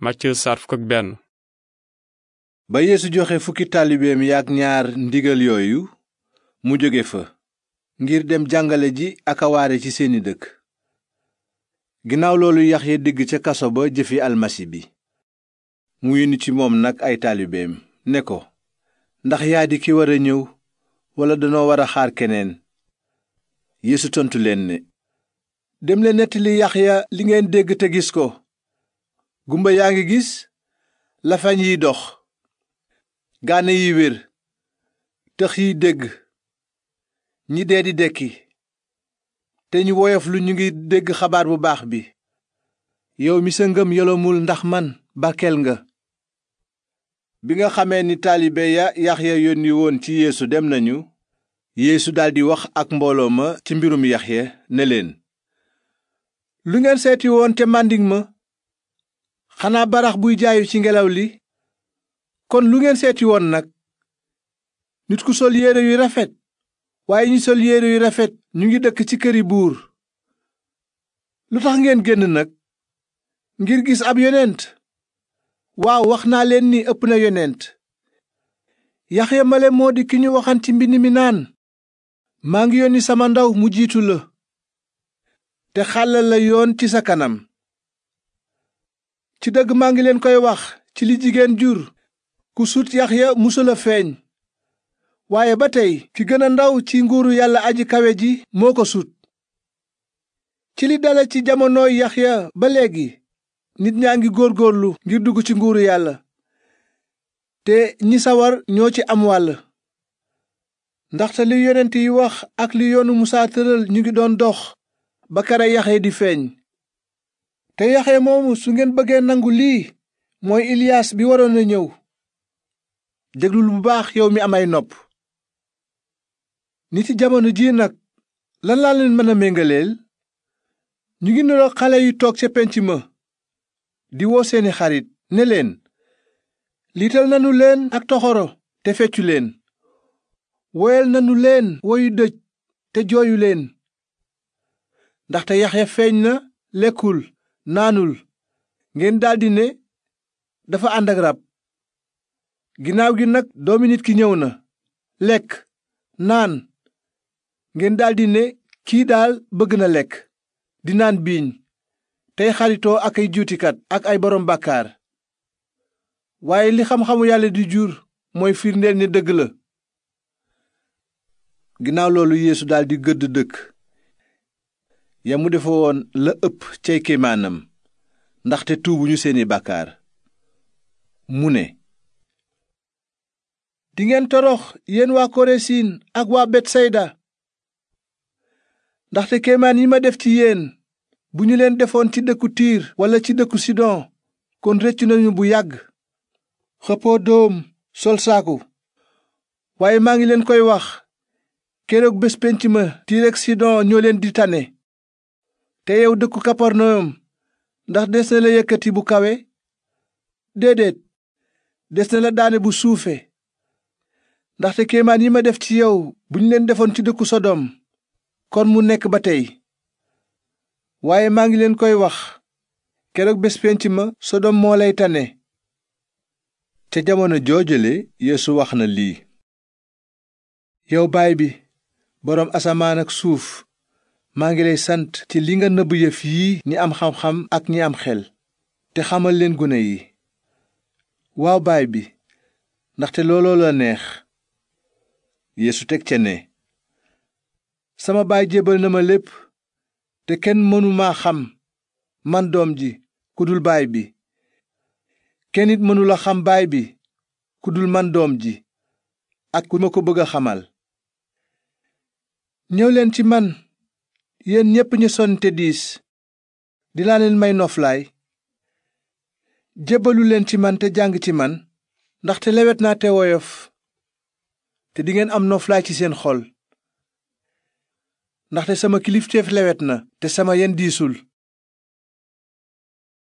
Matthieu saar benn. ba yéesu joxe fukki taalibeem yaak ñaar ndigal yooyu mu jóge fa ngir dem jàngale ji ak a ci seeni dëkk ginnaaw loolu yax Yaxya digg ca kaso ba jëfi almasi bi mu yónni ci moom nag ay taalibeem ne ko ndax yaa di ki war a ñëw walla danoo war a xaar keneen yeesu tontu leen ne dem leen nettali li ngeen dégg te gis ko gumba yaa ngi gis lafañ yi dox gaane yi wér tëx yi dégg ñi dee di dekki te ñu woyof lu ñu ngi dégg xabaar bu baax bi yow mi sa ngëm yolomul ndax man bàkkeel nga bi nga xamee ni taalibe ya yaxya yónni woon ci yéesu dem nañu yéesu daldi wax ak mbooloo ma ci mbirum yaxya ne leen lu ngeen seeti ma xanaa barax buy jaayu ci ngelaw li kon lu ngeen seeti woon nag nit ku sol yére yu rafet waaye ñu sol yére yu rafet ñu ngi dëkk ci këri buur lu tax ngeen génn nag ngir gis ab yonent waaw wax naa leen ni ëpp na yonent Yaxya male moo di ki ñu waxan ci mbind mi naan maa ngi yónni sama ndaw mu jiitu la te xàllal la yoon ci sa kanam ci dëgg maa ngi leen koy wax ci li jigéen jur ku sut Yaxya musula feeñ waaye ba tey ki gën a ndaw ci nguuru yàlla aji kawe ji moo ko sut ci li dale ci yax ya ba léegi nit ñaa ngi góor góorlu ngir dugg ci nguuru yàlla te ñi sawar ñoo ci am wàll ndaxte li yonent yi wax ak li yoonu Musaa tëral ñu ngi doon dox ba kere Yaxya di feeñ te yaxe moomu su ngeen bëggee nangu lii mooy Iliyaas bi waroon a ñëw déglul bu baax yow mi am ay nopp nit ci jamono jii nag lan laa leen mën a méngaleel ñu ngi niroo xale yu toog ca penc ma di woo seeni xarit ne leen liital nanu leen ak toxoro te feccu leen woyal nanu leen woyu dëj te jooyu leen ndaxte Yaxya feeñ na lekkul naanul ngeen daldi ne dafa ànd ak rab ginnaaw gi nag doomi nit ki ñëw na lekk naan ngeen daldi ne kii daal bëgg na lekk di naan biiñ tey xaritoo ak ay juutikat ak ay borom bàkkaar waaye li xam-xamu yàlla di jur mooy firndeel ne dëgg la ginnaaw loolu yeesu daldi gëdd dëkk ya mu defe woon la ëpp cay kéemaanam ndaxte tuubuñu seeni bàkkaar mu ne dingeen torox yéen waa koresin ak waa betsayda ndaxte kéemaan yi ma def ci yéen bu ñu leen defoon ci dëkku tiir walla ci dëkku sidon kon rëccu nañu bu yàgg xëppoo doom sol saaku waaye maa ngi leen koy wax keroog bés pénc ma tiir ak sidon ñoo leen di tane te yow dëkku kaparnayom ndax des na la yëkkati bu kawe déedéet des na la daane bu suufe ndaxte kemaan yi ma def ci yow bu ñu leen defoon ci dëkku sodom kon mu nekk ba tey waaye maa ngi leen koy wax keroog bés penc ma sodom moo lay tane ca jamono joojale yéesu wax na lii yow baay bi boroom asamaan ak suuf maa ngi lay sant ci li nga nëbb yëf yii ñi am xam-xam ak ñi am xel te xamal leen gune yi waaw baay bi ndaxte looloo la neex yeesu teg ca ne sama baay jébbal na ma lépp te kenn mënu xam man doom ji ku dul baay bi kenn it mënu la xam baay bi ku dul man doom ji ak ku ma ko bëgg a xamal ñëw leen ci man yéen ñépp ñu sonn te diis dinaa leen may noflaay jébbalu leen ci man te jàng ci man ndaxte lewet naa te woyof te dingeen am noflaay ci seen xol ndaxte sama kilifteef lewet na te sama yen diisul